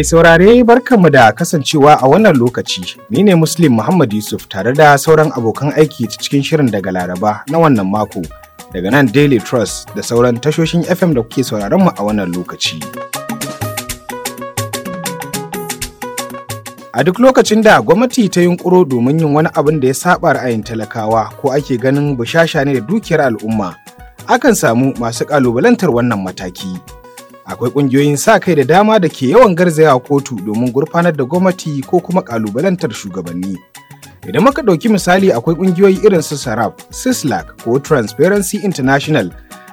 Mai saurare barkanmu da kasancewa a wannan lokaci, ni ne Muslim Muhammad Yusuf tare da sauran abokan aiki cikin shirin daga Laraba na wannan mako, daga nan Daily Trust da sauran tashoshin FM da kuke sauraron mu a wannan lokaci. A duk lokacin da gwamnati ta yunkuro domin yin wani abin da ya saba ra'ayin talakawa ko ake ganin bushasha ne da dukiyar al'umma, akan samu masu ƙalubalantar wannan mataki. akwai ƙungiyoyin sa kai da dama da ke yawan a kotu domin gurfanar da gwamnati ko kuma ƙalubalantar shugabanni. Idan muka ɗauki misali akwai ƙungiyoyi irin su Saraf, Sislak ko Transparency International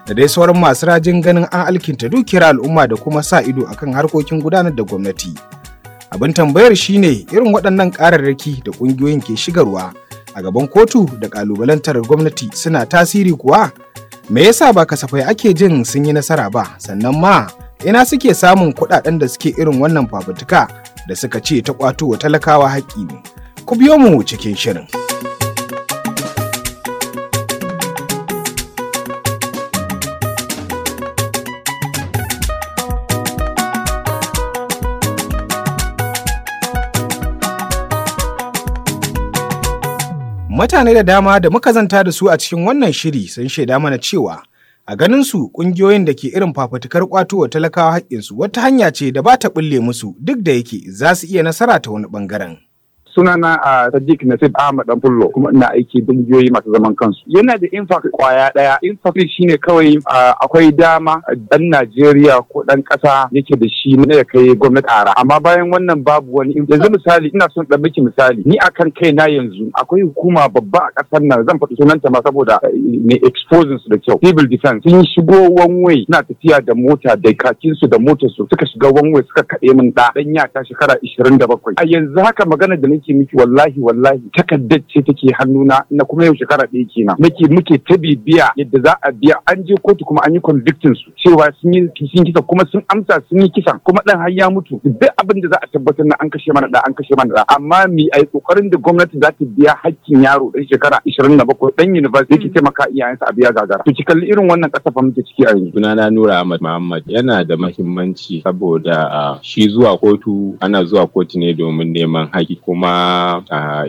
da dai sauran masu rajin ganin an alkinta dukiyar al'umma da kuma sa ido akan harkokin gudanar da gwamnati. Abin tambayar shine irin waɗannan ƙararraki da ƙungiyoyin ke shigarwa a gaban kotu da ƙalubalantar gwamnati suna tasiri kuwa? Me yasa ba kasafai ake jin sun yi nasara ba sannan ma ina suke samun kuɗaɗen da suke irin wannan fafutuka da suka ce ta kwato wa talakawa haƙƙi ne. Ku biyo mu cikin shirin. Mutane da dama da muka zanta da su a cikin wannan shiri sun shaida mana cewa A ganin su ƙungiyoyin da ke irin fafutukar ƙwato wa talakawa haƙƙinsu wata hanya ce da ba ta ɓulle musu duk da yake za su iya nasara ta wani ɓangaren. sunana a Sadiq Nasib Ahmad dan Fullo kuma ina aiki kungiyoyi masu zaman kansu yana da infak kwaya daya infak shine kawai akwai dama dan Najeriya ko dan kasa yake da shi ne ya kai gwamnati ara amma bayan wannan babu wani yanzu misali ina son dan miki misali ni akan kai na yanzu akwai hukuma babba a kasar nan zan faɗi sunanta ma saboda ne exposing su da kyau civil defense sun shigo one way suna tafiya da mota da kakin su da motar su suka shiga one way suka kaɗe min da dan ya ta shekara 27 a yanzu haka magana da nake nake miki wallahi wallahi takardar ce take hannuna na kuma yau shekara ɗaya kenan nake muke ta bibiya yadda za a biya an je kotu kuma an yi convicting su cewa sun yi sun kisa kuma sun amsa sun yi kisan kuma dan har ya mutu duk abin da za a tabbatar na an kashe mana da an kashe mana da amma mi ai kokarin da gwamnati za ta biya hakkin yaro dan shekara 27 dan university yake taimaka iyayensa a biya gagara to ki kalli irin wannan fa muke ciki a yanzu sunana Nura Ahmad Muhammad yana da mahimmanci saboda ah, shi zuwa kotu ana zuwa kotu ne domin neman haƙi kuma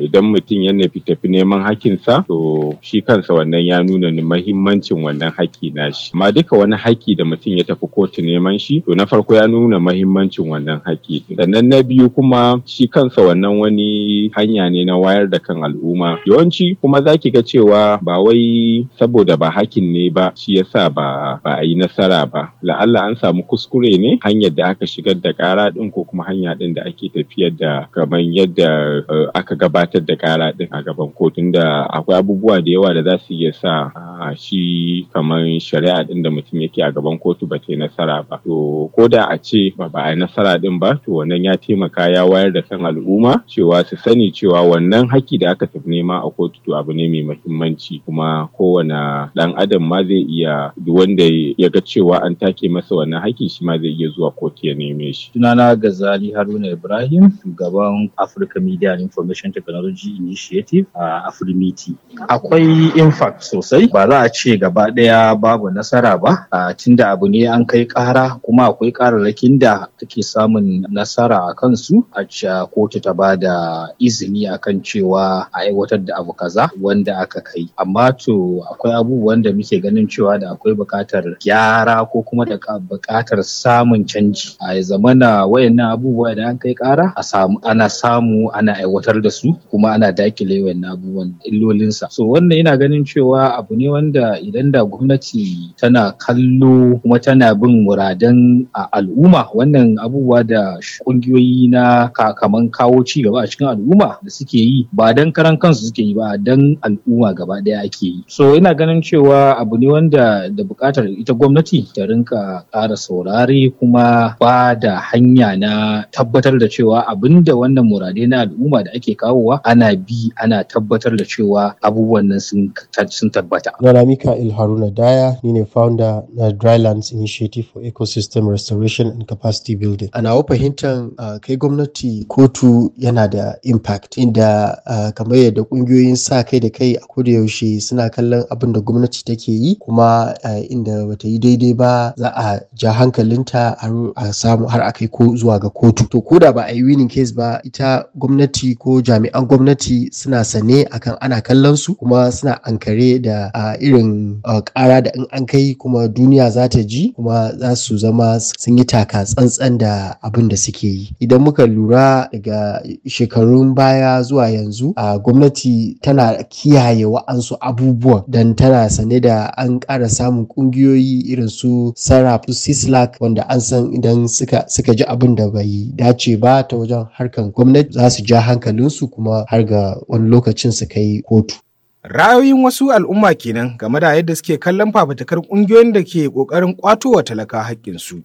idan mutum ya nufi tafi neman hakinsa to shi kansa wannan ya nuna ni mahimmancin wannan haki shi amma duka wani haki da mutum ya tafi kotu neman shi to na farko ya nuna mahimmancin wannan haki sannan na biyu kuma shi kansa wannan wani hanya ne na wayar da kan al'umma yawanci kuma zaki ga cewa ba wai saboda ba hakin ne ba shi yasa ba ba a yi nasara ba la'alla an samu kuskure ne hanyar da aka shigar da kara din ko kuma hanya din da ake tafiyar da kamar yadda Eh, aka gabatar da kara ɗin a gaban kotun da akwai abubuwa da yawa da za su iya sa ah, shi kamar shari'a ɗin da mutum yake a gaban kotu ba ta nasara ba to ko da a ce ba ba a nasara ɗin ba to wannan ya taimaka ya wayar da kan al'umma cewa su sani cewa wannan haƙƙi da aka tafi nema a kotu to abu ne mai muhimmanci kuma kowane ɗan adam ma zai iya duk wanda ya ga cewa an take masa wannan haƙƙi shi ma zai iya zuwa kotu ya neme shi. Sunana Gazali Haruna Ibrahim shugaban Africa Media Media and Information Technology Initiative a Afrimiti. Akwai impact sosai ba za a ce gaba ɗaya babu nasara ba a tunda abu ne an kai kara kuma akwai ƙararrakin da ake samun nasara a kansu a cewa kotu ta ba da izini akan cewa a aiwatar da abu kaza wanda aka kai amma to akwai abubuwan da muke ganin cewa da akwai buƙatar gyara ko kuma da buƙatar samun canji a zamana wayannan abubuwa da an kai ƙara a samu ana samu ana ana aiwatar da su kuma ana dakile wayan abubuwan illolinsa so wannan ina ganin cewa abu ne wanda idan da gwamnati tana kallo kuma tana bin muradan al'umma wannan abubuwa da kungiyoyi na kakaman kawo ci gaba a cikin al'umma da suke yi ba dan karan kansu suke yi ba dan al'umma gaba daya ake yi so ina ganin cewa abu ne wanda da bukatar ita gwamnati ta rinka ƙara saurare kuma ba da hanya na tabbatar da cewa abinda wannan muradai na al'umma al'umma da ake kawowa ana bi ana tabbatar da cewa abubuwan nan sun tabbata. Nana Mika'il Haruna Daya ni ne founder na Drylands Initiative for Ecosystem Restoration and Capacity Building. Ana nawa fahimtar kai gwamnati kotu yana da impact inda kamar yadda kungiyoyin sa kai da kai a koda yaushe suna kallon abin da gwamnati take yi kuma inda bata yi daidai ba za a ja hankalinta a samu har a kai ko zuwa ga kotu. To ko da ba a yi winning case ba ita gwamnati gwamnati ko jami'an gwamnati suna sane akan ana kallon su kuma suna ankare da irin ƙara da in an kai kuma duniya za ta ji kuma za su zama sun yi taka tsantsan da abin da suke yi idan muka lura daga shekarun baya zuwa yanzu a gwamnati tana kiyaye wa'ansu abubuwan dan tana sane da an kara samun ƙungiyoyi irin su sarraf sislak wanda an san idan suka ji abin da bai dace ba ta wajen harkar gwamnati za su ja ja hankalinsu kuma har ga wani lokacin su kai kotu. Ra'ayoyin wasu al'umma kenan game da yadda suke kallon fafutukar ƙungiyoyin da ke ƙoƙarin ƙwato wa talaka haƙƙinsu.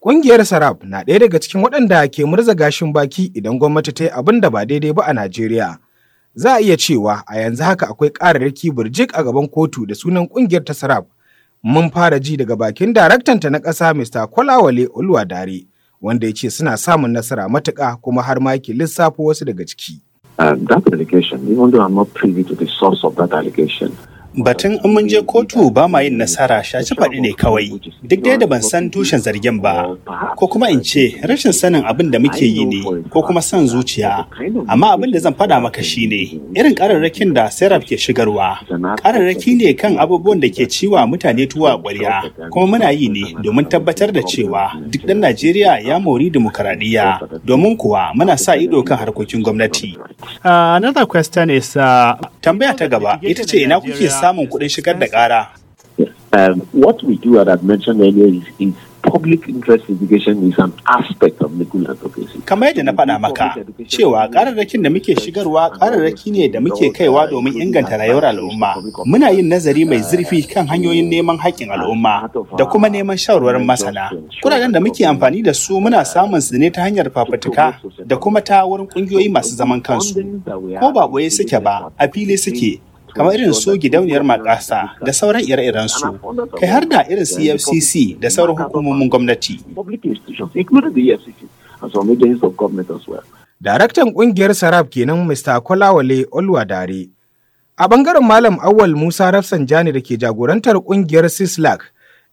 Ƙungiyar Sarab na ɗaya daga cikin waɗanda ke murza gashin baki idan gwamnati ta yi abin da ba daidai ba a Najeriya. Za a iya cewa a yanzu haka akwai ƙararraki birjik a gaban kotu da sunan ƙungiyar ta Sarab. Mun fara ji daga bakin daraktanta na ƙasa Mr. Kolawale Oluwadare. wanda ya ce suna samun nasara matuƙa kuma har ma yake lissafo wasu daga ciki. Uh, that allegation, even though I'm not privy to the source of that allegation, Batun in mun je kotu ba ma yin nasara shaci faɗi ne kawai, duk dai da ban san tushen zargin ba, ko kuma in ce rashin sanin abin da muke yi ne, ko kuma son zuciya. Amma abin da zan faɗa maka shi ne, irin ƙararrakin da Serap ke shigarwa, ƙararraki ne kan abubuwan da ke ciwa mutane tuwa ƙwarya, kuma muna yi ne domin tabbatar da cewa duk ɗan Najeriya ya mori dimokuraɗiyya, domin kuwa muna sa ido kan harkokin gwamnati. Uh, another uh, tambaya ta gaba ita ce ina kuke sa? samun kuɗin shigar da ƙara. Um, what we do, as I mentioned earlier, is, public interest education is an aspect of legal advocacy. Kamar yadda na faɗa maka cewa ƙararrakin da muke shigarwa ƙararraki ne da muke kaiwa domin inganta rayuwar al'umma. Muna yin nazari mai zurfi kan hanyoyin neman haƙƙin al'umma da kuma neman shawarwarin masana. Kuraren da muke amfani da su muna uh, samun su ne ta hanyar fafutuka da kuma ta wurin ƙungiyoyi masu zaman kansu. Ko ba ɓoye suke ba, a fili suke. kamar irin su gidauniyar matasa da sauran ire-iren su kai har da irin cfcc e da sauran hukumomin gwamnati e Daraktan kungiyar Sarab kenan Mr. Kolawale Olwadare. A bangaren Malam Awal Musa Rafsanjani da ke jagorantar kungiyar Sislak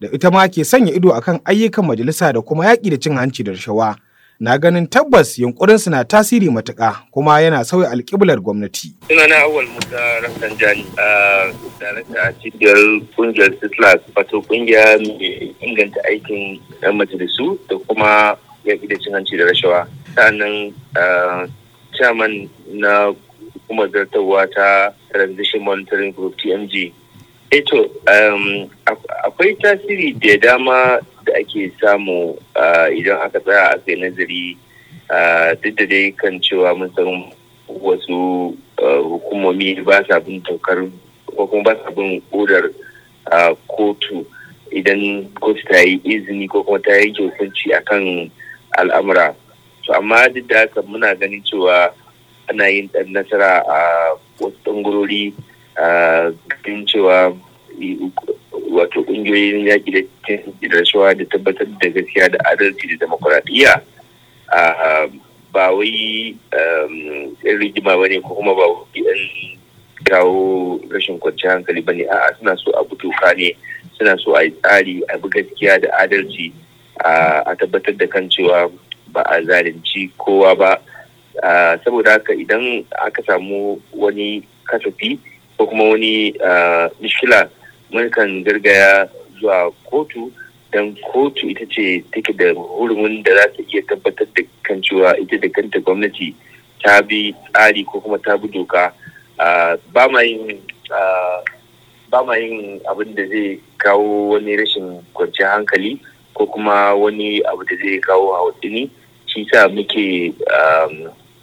da ita ma ke sanya ido akan ayyukan majalisa da kuma yaƙi da cin hanci da rashawa. na ganin tabbas yunkurinsu na tasiri matuka, kuma yana sauya alƙiblar gwamnati. Sunana Awal Musa Rafsanjani a darakta cibiyar kungiyar Sitlas wato kungiya mai inganta aikin 'yan majalisu da kuma yaƙi da cin hanci da rashawa. Sa'annan chairman na hukumar zartarwa ta Transition Monitoring Group TMG. Eto, eh um, akwai tasiri da dama da ake samu ah, idan aka tsaya a kai nazari ah, duk da dai kan cewa mun san wasu ah, hukumomi ba sa bin tokar ko kuma ba sa bin odar kotu idan kotu ta yi izini ko kuma ta yi hukunci akan al'amura to amma duk da haka muna ganin cewa ana yin dan nasara a wasu ɓangarori ganin cewa wato kungiyoyin yaƙi da rashawa da tabbatar da gaskiya da adalci da demokuraɗiyya ba wai um, yan rigima ba ne ko kuma ba yan kawo rashin kwanci hankali ba ne a'a suna so a doka ne suna so a yi tsari a bi gaskiya da adalci a tabbatar da kan cewa ba a zalunci kowa ba saboda haka idan aka samu wani kasafi ko kuma wani uh, mishkila mukan gargaya zuwa kotu don kotu ita ce take da hurumin da za ta iya tabbatar da kan cewa ita da kanta gwamnati ta bi tsari ko kuma ta bi doka ba ma yin abin da zai kawo wani rashin kwanciyar hankali ko kuma wani abu da zai kawo hawatsini shi sa muke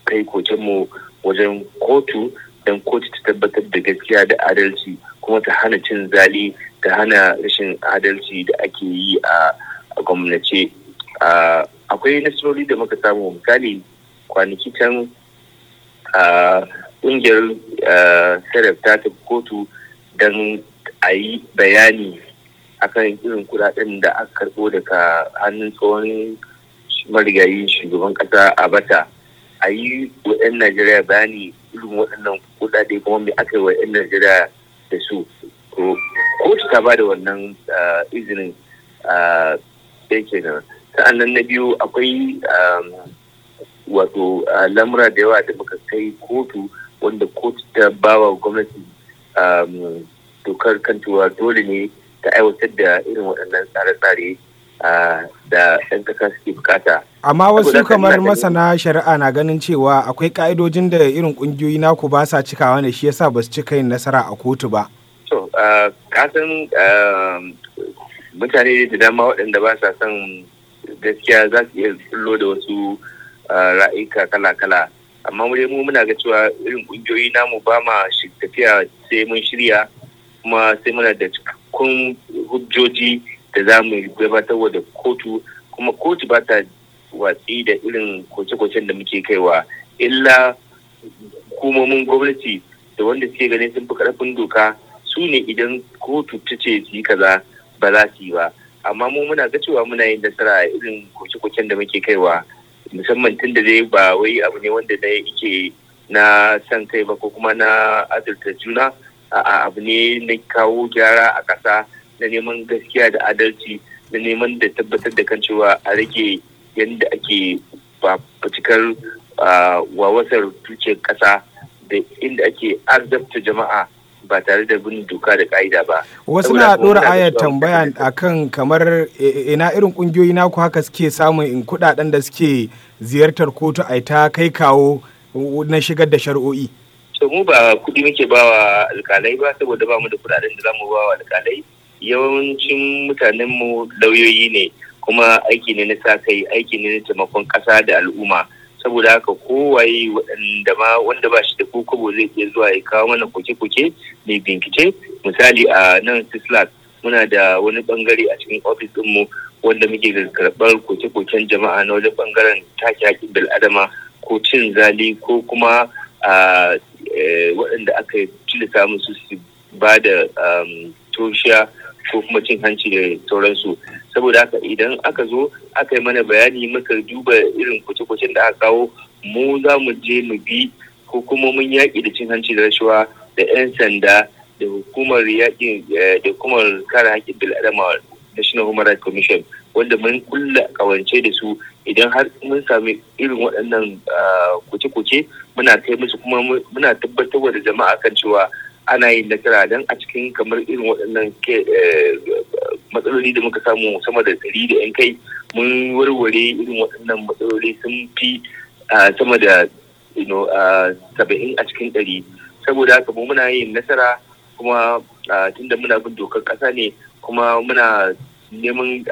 kai kocinmu wajen kotu don kotu ta tabbatar da gaskiya da adalci kuma ta hana cin zali ta hana rashin adalci da ake yi a gwamnace akwai nasarori da muka samu misali kwanaki can kungiyar sarrafa ta tafi kotu don a yi bayani akan irin kudaden da aka karɓo daga hannun tsohon marigayi shugaban ƙasa a bata a yi wa 'yan najeriya bayani irin waɗannan kuɗaɗe kuma me aka yi wa 'yan Najeriya da su. ko Kotu ta ba wannan ah, izinin ah, ɗaya kenan. Sa'annan na biyu akwai ah, wato lamura da yawa da muka kai kotu wanda kotu ta ba wa gwamnati dokar kantuwa dole ne ta aiwatar da irin waɗannan tsare-tsare da 'yan ƙasa suke bukata. Amma wasu kamar masana shari'a na ganin cewa akwai ƙa'idojin da irin ƙungiyoyi naku ba sa cikawa wani shi yasa ba su cika yin nasara a kotu ba. To, kasan mutane da dama waɗanda ba sa son gaskiya za su iya kullo da wasu ra'ayika kala-kala. Amma mu mu muna ga cewa irin kungiyoyi namu ba ma tafiya sai mun shirya kuma sai muna da cikakkun hujjoji da za mu gabatar da kotu kuma kotu ba ta watsi da irin kwace-kwacen da muke kaiwa illa hukumomin gwamnati da wanda suke ganin sun fi karfin doka su ne idan kotu ta ce su yi kaza ba za su yi ba amma mu muna ga cewa muna yin nasara a irin kwace-kwacen da muke kaiwa musamman tun da dai ba wai abu ne wanda da yake na san kai ba ko kuma na azurta juna abu ne na kawo gyara a ƙasa na neman gaskiya da adalci na neman da tabbatar da kan cewa a rage yadda ake fafutukar wawasar dukiyar kasa da inda ake arzabta jama'a ba tare da bin doka da ka'ida ba. Wasu na ɗora ayar tambaya a kan kamar e, e, ina irin ƙungiyoyi naku haka suke samun in kuɗaɗen da suke ziyartar kotu a ta kai kawo na shigar da shari'o'i. To mu ba kuɗi muke bawa alƙalai ba saboda ba mu da kuɗaɗen da za mu bawa alƙalai. yawancin mutanenmu lauyoyi ne kuma aiki ne na sa kai aiki ne na taimakon ƙasa da al'umma saboda haka kowaye waɗanda ma wanda ba shi da kokobo zai iya zuwa ya kawo mana koke-koke mai bincike misali a nan sislas muna da wani bangare a cikin ofis ɗinmu wanda muke karɓar koke-koken jama'a na wajen bangaren take haƙƙin bil'adama ko cin zali ko kuma eh, waɗanda aka tilasta musu su ba da um, toshiya ko kuma cin hanci da sauransu saboda haka idan aka zo aka yi mana bayani muka duba irin kwace-kwacen da aka kawo mu za mu je mu bi ko kuma mun yaƙi da cin hanci da rashawa da 'yan sanda da hukumar yaƙin eh, da hukumar kare haƙƙin bil'adama national human rights commission wanda mun kulla kawance da su idan har mun sami irin waɗannan ah, kuce-kuce muna kai musu kuma muna tabbatar da jama'a kan cewa ana yin nasara don a cikin kamar irin waɗannan eh, matsaloli da muka samu sama da ɗari da yan kai mun warware irin waɗannan matsaloli sun fi sama da saba'in a cikin ɗari saboda haka mu muna yin nasara kuma tunda muna bin dokar ƙasa ne kuma muna neman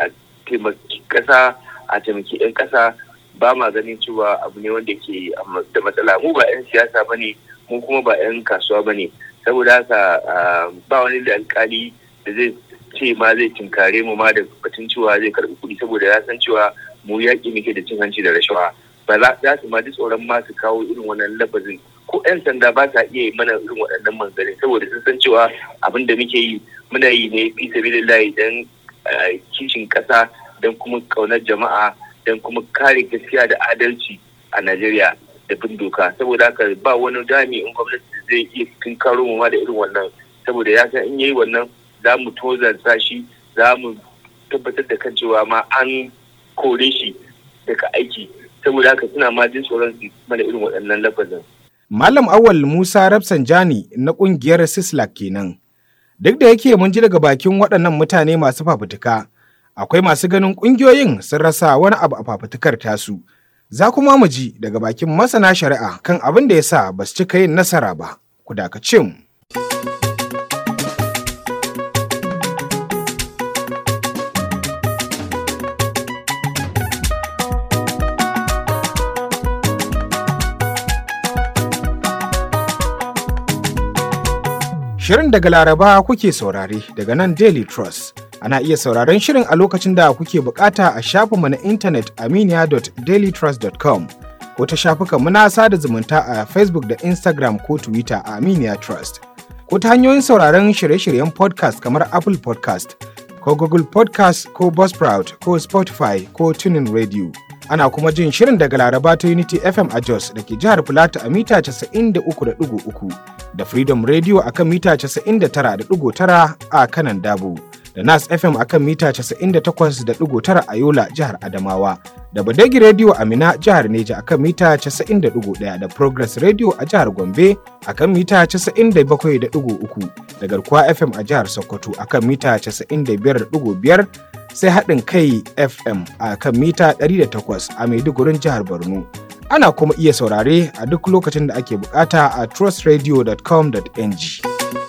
taimaki ƙasa a taimaki 'yan ƙasa ba ma ganin cewa abu ne wanda ke um, da matsala mu ba 'yan siyasa ba ne mu kuma ba 'yan kasuwa ba ne saboda haka ah, ba wani da alkali da zai ce ma zai tinkare mu ma da batun cewa zai karbi kuɗi saboda ya san cewa mu yaƙi muke da cin hanci da rashawa ba za su ma ji tsoron ma su kawo irin wannan lafazin ko 'yan sanda ba sa iya yi mana irin waɗannan manzare saboda sun san cewa abin da muke yi muna yi ne fi layi don ah, kishin ƙasa don kuma ƙaunar jama'a don kuma kare gaskiya da adalci a Najeriya da bin doka saboda haka ba wani dami in gwamnati zai iya karo mu ma da irin wannan saboda ya san in yayi wannan za mu tozarta shi za mu tabbatar da kan cewa ma an kore shi daga aiki saboda haka suna ma jin tsoron su mana irin waɗannan lafazin. Malam Awal Musa Jani na ƙungiyar Sislak kenan. Duk da yake mun ji daga bakin waɗannan mutane masu fafutuka, akwai masu ganin ƙungiyoyin sun rasa wani abu a fafutukar tasu. Za kuma mu ji daga bakin masana shari'a kan abin da ya sa ba su cika yin nasara ba, ku dakace mu. Shirin daga Laraba kuke saurare daga nan Daily Trust. Ana iya sauraron shirin a lokacin da kuke bukata a shafinmu na intanet aminiya.dailytrust.com ko ta shafukanmu na sada zumunta a Facebook da Instagram ko Twitter a Aminiya Trust. Ko ta hanyoyin sauraron shirye-shiryen podcast kamar Apple podcast ko Google podcast ko Buzzsprout ko Spotify ko Tunin Radio. Ana kuma jin shirin daga Laraba ta Unity FM a Jos da ke jihar Filato a mita 93.3 da Freedom Radio a kan mita 99.9 a kanan Dabo. da Nas FM akan mita 98.9 a Yola jihar Adamawa, da Badegi Radio Amina jihar Neja akan mita 90.1 da Progress Radio a jihar Gombe akan mita 97.3 da Garkuwa FM a jihar Sokoto akan mita 95.5 sai haɗin kai FM a kan mita 108 a Maidugurin jihar Borno. Ana kuma iya saurare a duk lokacin da ake bukata a trustradio.com.ng.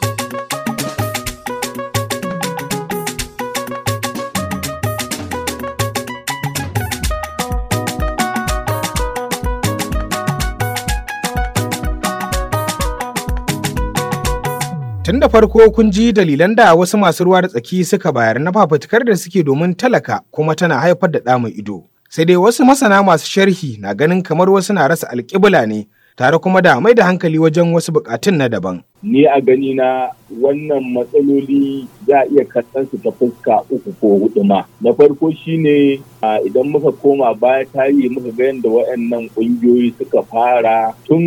Tun da farko kun ji dalilan da wasu masu ruwa da tsaki suka bayar na fafutukar da suke domin talaka kuma tana haifar da ɗamin ido. Sai dai wasu masana masu sharhi na ganin kamar wasu na rasa alƙibla ne tare kuma da mai da hankali wajen wasu bukatun na daban. Ni a gani na wannan matsaloli za a iya katsansu ta fuska uku ko hudu ma. Na farko shine idan muka koma baya tarihi muka ga yadda wa'annan ƙungiyoyi suka fara tun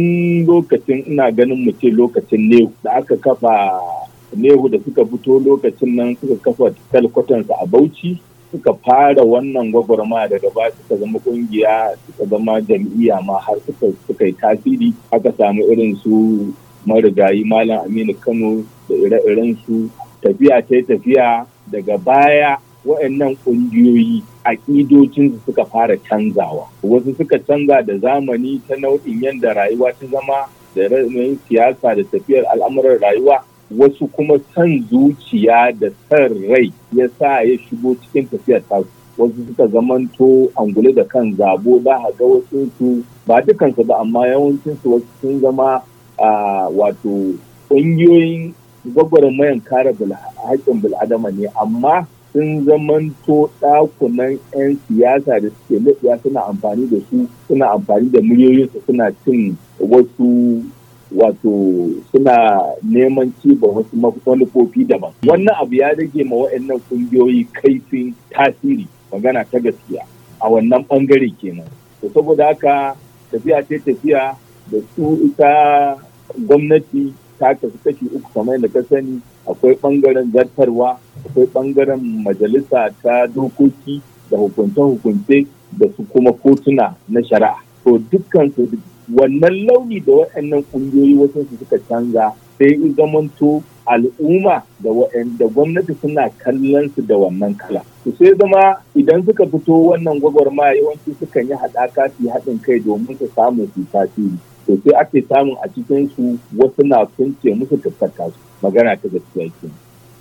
lokacin ina ganin mu ce lokacin ne da aka kafa Nehu da suka fito lokacin nan suka kafa kalkwatansa a Bauchi suka fara wannan gwagwarma daga ba suka zama kungiya suka zama jam'iyya ma har suka suka yi tasiri aka samu irin su marigayi malam aminu kano da ire-iren su tafiya ta tafiya daga baya wa'annan ƙungiyoyi aƙidocinsu suka fara canzawa wasu suka canza da zamani ta nau'in yadda rayuwa ta zama da yanayin siyasa da tafiyar al'amuran rayuwa wasu kuma san zuciya da san rai ya sa ya shigo cikin tafiyar ta wasu suka zamanto angule da kan zabo za a ga wasu su ba dukansu ba amma yawancinsu wasu sun zama wato ƙungiyoyin gwagwarmayan kare haƙƙin bil'adama ne amma sun zamanto ɗakunan 'yan siyasa da suke lafiya suna amfani da su suna amfani da miliyoyinsu suna cin wasu wato suna neman ciba wasu manufofi daban hmm. wannan abu ya rage ma wa'annan kungiyoyi kaifin tasiri magana ta gaskiya a wannan bangare kenan to saboda haka tafiya ce tafiya da su ita gwamnati ta kasu kashi uku kamar da ka sani akwai ɓangaren zartarwa akwai bangaren majalisa ta dokoki da hukunce-hukunce da su kuma kotuna na shari'a to dukkan su wannan launi da waɗannan ƙungiyoyi wasu su suka canza sai in zamanto al'umma da da gwamnati suna kallon su da wannan kala su sai zama idan suka fito wannan gwagwarmaya yawanci sukan yi haɗaka su haɗin kai domin su samu su tasiri to sai ake samun a cikin su wasu na kunce musu tabbata su magana ta gaskiya ke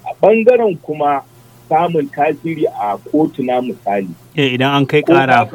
a bangaren kuma samun tasiri a kotuna misali eh idan an kai ƙara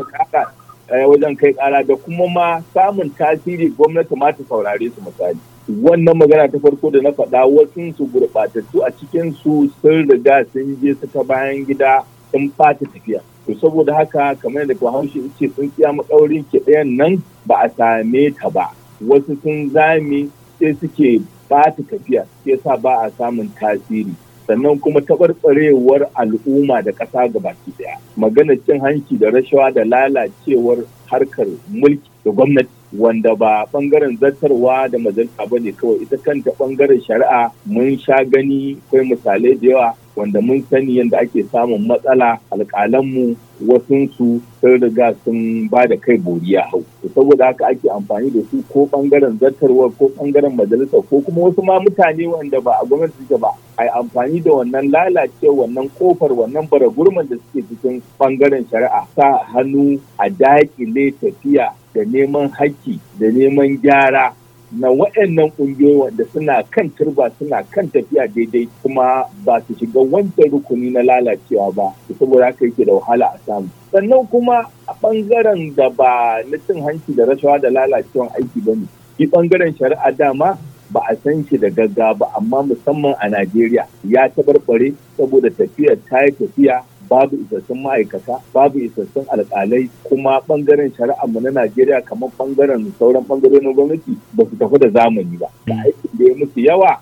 Eh, wajen kai kara da kuma ma samun tasiri gwamnati ma ta saurare su misali wannan magana ta farko da na faɗa wasu su gurɓatattu a cikin su sun riga sun je su bayan gida sun fata tafiya to saboda haka kamar da bahaushe ce sun tsaya maɗaurin ke ɗayan nan ba a same ta ba wasu sun zame sai suke bata tafiya sai sa ba a samun tasiri sannan kuma taɓarɓarewar al'umma da ƙasa baki daya. maganar cin hanci da rashawa da lalacewar harkar mulki da gwamnati wanda ba ɓangaren zartarwa da majalisa ba ne kawai ita kanta ɓangaren shari'a mun sha gani akwai misalai da yawa wanda mun sani yadda ake samun matsala alƙalanmu wasunsu sun riga sun ba da kai boriya hau saboda haka ake amfani da su ko bangaren zartarwar ko bangaren majalisa ko kuma wasu ma mutane wanda ba a gwamnati suke ba a amfani da wannan lalace wannan kofar wannan bara gurman da suke cikin bangaren shari'a sa hannu a daƙile tafiya da neman haƙƙi da neman gyara na waɗannan ƙungiyoyi wanda suna kan turba suna kan tafiya daidai kuma ba su shiga wancan rukuni na lalacewa ba saboda haka yake da wahala a samu sannan kuma a ɓangaren da ba na cin hanci da rashawa da lalacewan aiki ba ne shi ɓangaren shari'a dama ba a san shi da gagga ba amma musamman a najeriya ya tabarbare saboda tafiyar ta yi tafiya babu isassun ma'aikata babu isassun alkalai kuma bangaren shari'a mu na najeriya kamar bangaren sauran bangarorin gwamnati ba su tafi da zamani ba da mm. aikin da ya musu yawa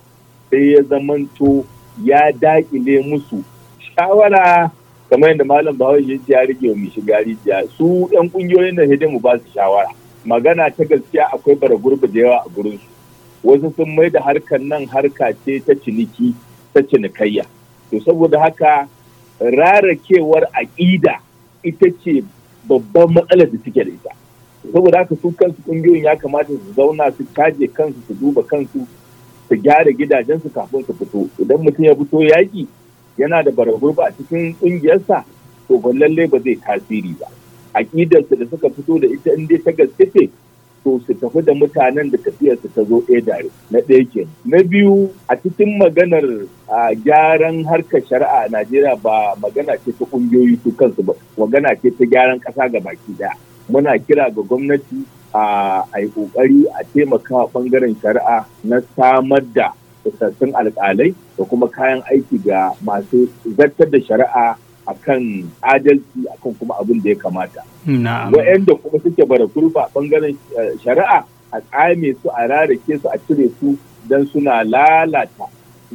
sai ya zamanto ya daƙile musu shawara kamar yadda malam bahaushe ya ya rige mai shiga rijiya su yan kungiyoyin da hidimu ba su shawara magana ta gaskiya akwai bara gurbi da yawa a gurinsu wasu sun mai da harkar nan harka ce ta ciniki ta cinikayya to saboda haka rarakewar aƙida ita ce babban matsalar da suke da ita saboda haka su kansu ƙungiyoyin ya kamata su zauna su kaje kansu su duba kansu su gyara gidajensu kafin su fito idan mutum ya fito yaƙi yana da barabur a cikin ƙungiyarsa to ba lallai ba zai tasiri ba aƙidarsu da suka fito da ita in dai ta gaske ce to su tafi da mutanen da tafiyar su ta zo ɗaya dare na ɗaya ke na biyu a cikin maganar a gyaran harkar shari'a a najeriya ba magana ce ta ƙungiyoyi su kansu ba magana ce ta gyaran ƙasa ga baki ɗaya muna kira ga gwamnati a yi ƙoƙari a taimaka ɓangaren shari'a na samar da isassun alƙalai da kuma kayan aiki ga masu zartar da shari'a akan adalci akan kuma abin da ya kamata. Wa'yanda kuma suke bara kurfa bangaren eh, shari'a a tsame su a rarake su a cire su don suna lalata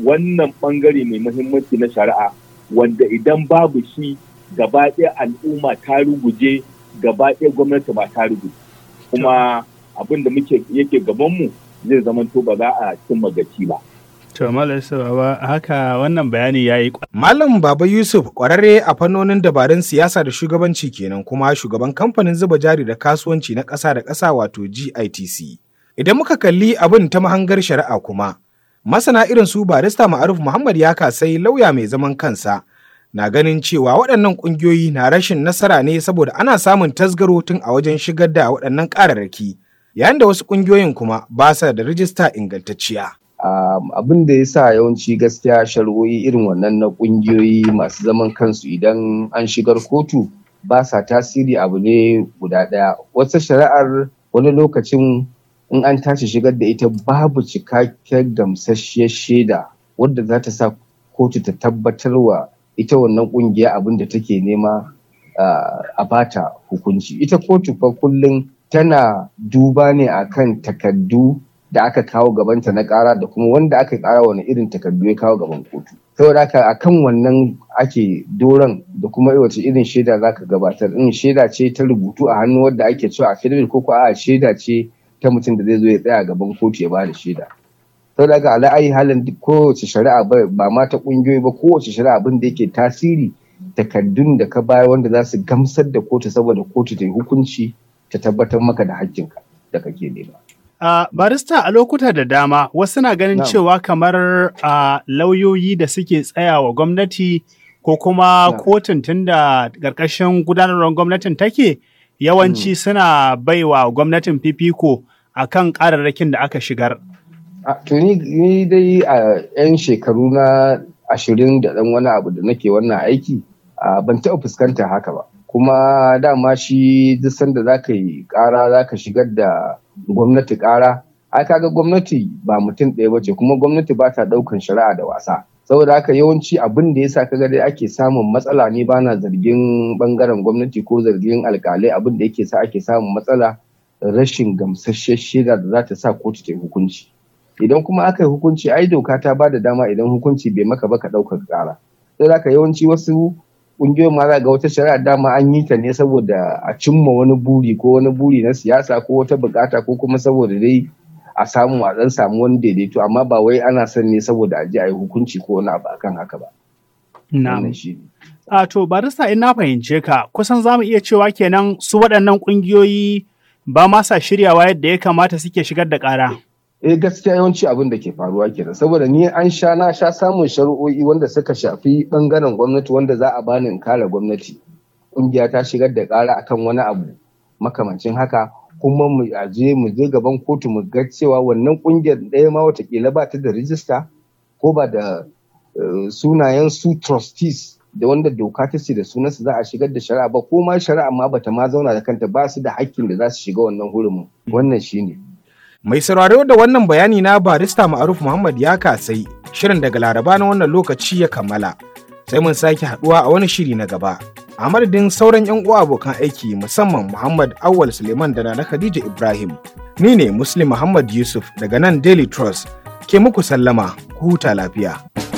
wannan bangare mai muhimmanci na shari'a wanda idan babu shi gaba ɗaya al'umma ta ruguje gaba ɗaya gwamnati ba ta ruguje kuma abin da muke yake gabanmu zai zamanto ba za a cimma gaci ba. To Malam Baba haka wannan bayani ya yi. Malam Baba Yusuf kwararre a fannonin dabarun siyasa da shugabanci kenan kuma shugaban kamfanin zuba jari da kasuwanci na ƙasa da ƙasa wato GITC. Idan muka kalli abin ta mahangar shari'a kuma, masana irin su barista Ma'aruf Muhammad ya kasai lauya mai zaman kansa na ganin cewa waɗannan ƙungiyoyi na rashin nasara ne saboda ana samun tasgaro tun a wajen shigar da waɗannan ƙararraki. yayin da wasu ƙungiyoyin kuma ba sa da rijista ingantacciya. abin da ya sa yawanci gaskiya shari'o'i irin wannan na ƙungiyoyi masu zaman kansu idan an shigar kotu ba sa tasiri abu ne guda ɗaya wata shari'ar wani lokacin in an tashi shigar da ita babu cikakken gamsasshiyar shaida wadda za ta sa kotu ta tabbatarwa ita wannan kungiya abin da take nema a bata hukunci ita kotu fa kullum tana duba ne akan takaddu da aka kawo gabanta na ƙara da kuma wanda aka ƙara wani irin takardu ya kawo gaban kotu saboda haka akan wannan ake doron da kuma wace irin shaida za ka gabatar in shaida ce ta rubutu a hannu wadda ake cewa a ko ko a shaida ce ta mutum da zai zo ya tsaya gaban kotu ya bada shaida saboda haka ala ayi halin kowace shari'a ba ma ta ƙungiyoyi ba kowace shari'a abin da yake tasiri takardun da ka bayar wanda za su gamsar da kotu saboda kotu ta yi hukunci ta tabbatar maka da hakkinka da kake nema Uh, barista a lokuta da dama wasu na ganin cewa kamar uh, lauyoyi da suke tsayawa gwamnati ko kuma no. kotun da ƙarƙashin gudanarwar gwamnatin take yawanci mm. suna baiwa gwamnatin fifiko a kan ƙararrakin da aka shigar. tuni ni dai a 'yan shekaru na ashirin da ɗan wani abu da nake wannan aiki ban taɓa fuskantar haka ba. kuma dama shi duk sanda za ka yi ƙara za ka shigar da gwamnati ƙara ai kaga gwamnati ba mutum ɗaya ba ce kuma gwamnati ba ta ɗaukan shari'a da wasa saboda haka yawanci abin da ya sa kaga dai ake samun matsala ne ba na zargin bangaren gwamnati ko zargin alkalai abin da yake sa ake samun matsala rashin gamsasshen shiga da za ta sa kotu ta hukunci idan kuma aka yi hukunci ai doka ta ba da dama idan hukunci bai maka ba ka ɗaukar kara sai za ka yawanci wasu kungiyoyin ma za ga wata shari'a dama an yi ta ne saboda a cimma wani buri ko wani buri na siyasa ko wata bukata ko kuma saboda dai a samu a dan samu wani daidaito amma ba wai ana son ne saboda a je a yi hukunci ko wani abu akan haka ba. A to barista in na fahimce ka kusan za mu iya cewa kenan su waɗannan ƙungiyoyi ba ma sa shiryawa yadda ya kamata suke shigar da ƙara. eh gaskiya yawanci abin da ke faruwa kenan saboda ni an sha na sha samun shari'o'i wanda suka shafi bangaren gwamnati wanda za a bani in kare gwamnati kungiya ta shigar da kara akan wani abu makamancin haka kuma mu aje mu je gaban kotu mu ga cewa wannan kungiyar ɗaya ma watakila ba ta da rijista ko ba da eh, sunayen su trustees da wanda doka ta ce da sunansu za a shigar da shari'a ba ko ma shari'a ma bata ma zauna da kanta ba su da hakkin da za su shiga wannan hurumin wannan shine Mai sauraro da wannan bayani na barista Ma'aruf Muhammad ya kasai shirin daga Laraba na wannan lokaci ya kammala. Sai mun sake haɗuwa a wani shiri na gaba. A madadin sauran 'yan uwa abokan aiki musamman Muhammad Awal Suleiman da na Khadija Ibrahim. Ni ne Muslim Muhammad Yusuf daga nan Daily Trust ke muku sallama ku huta lafiya.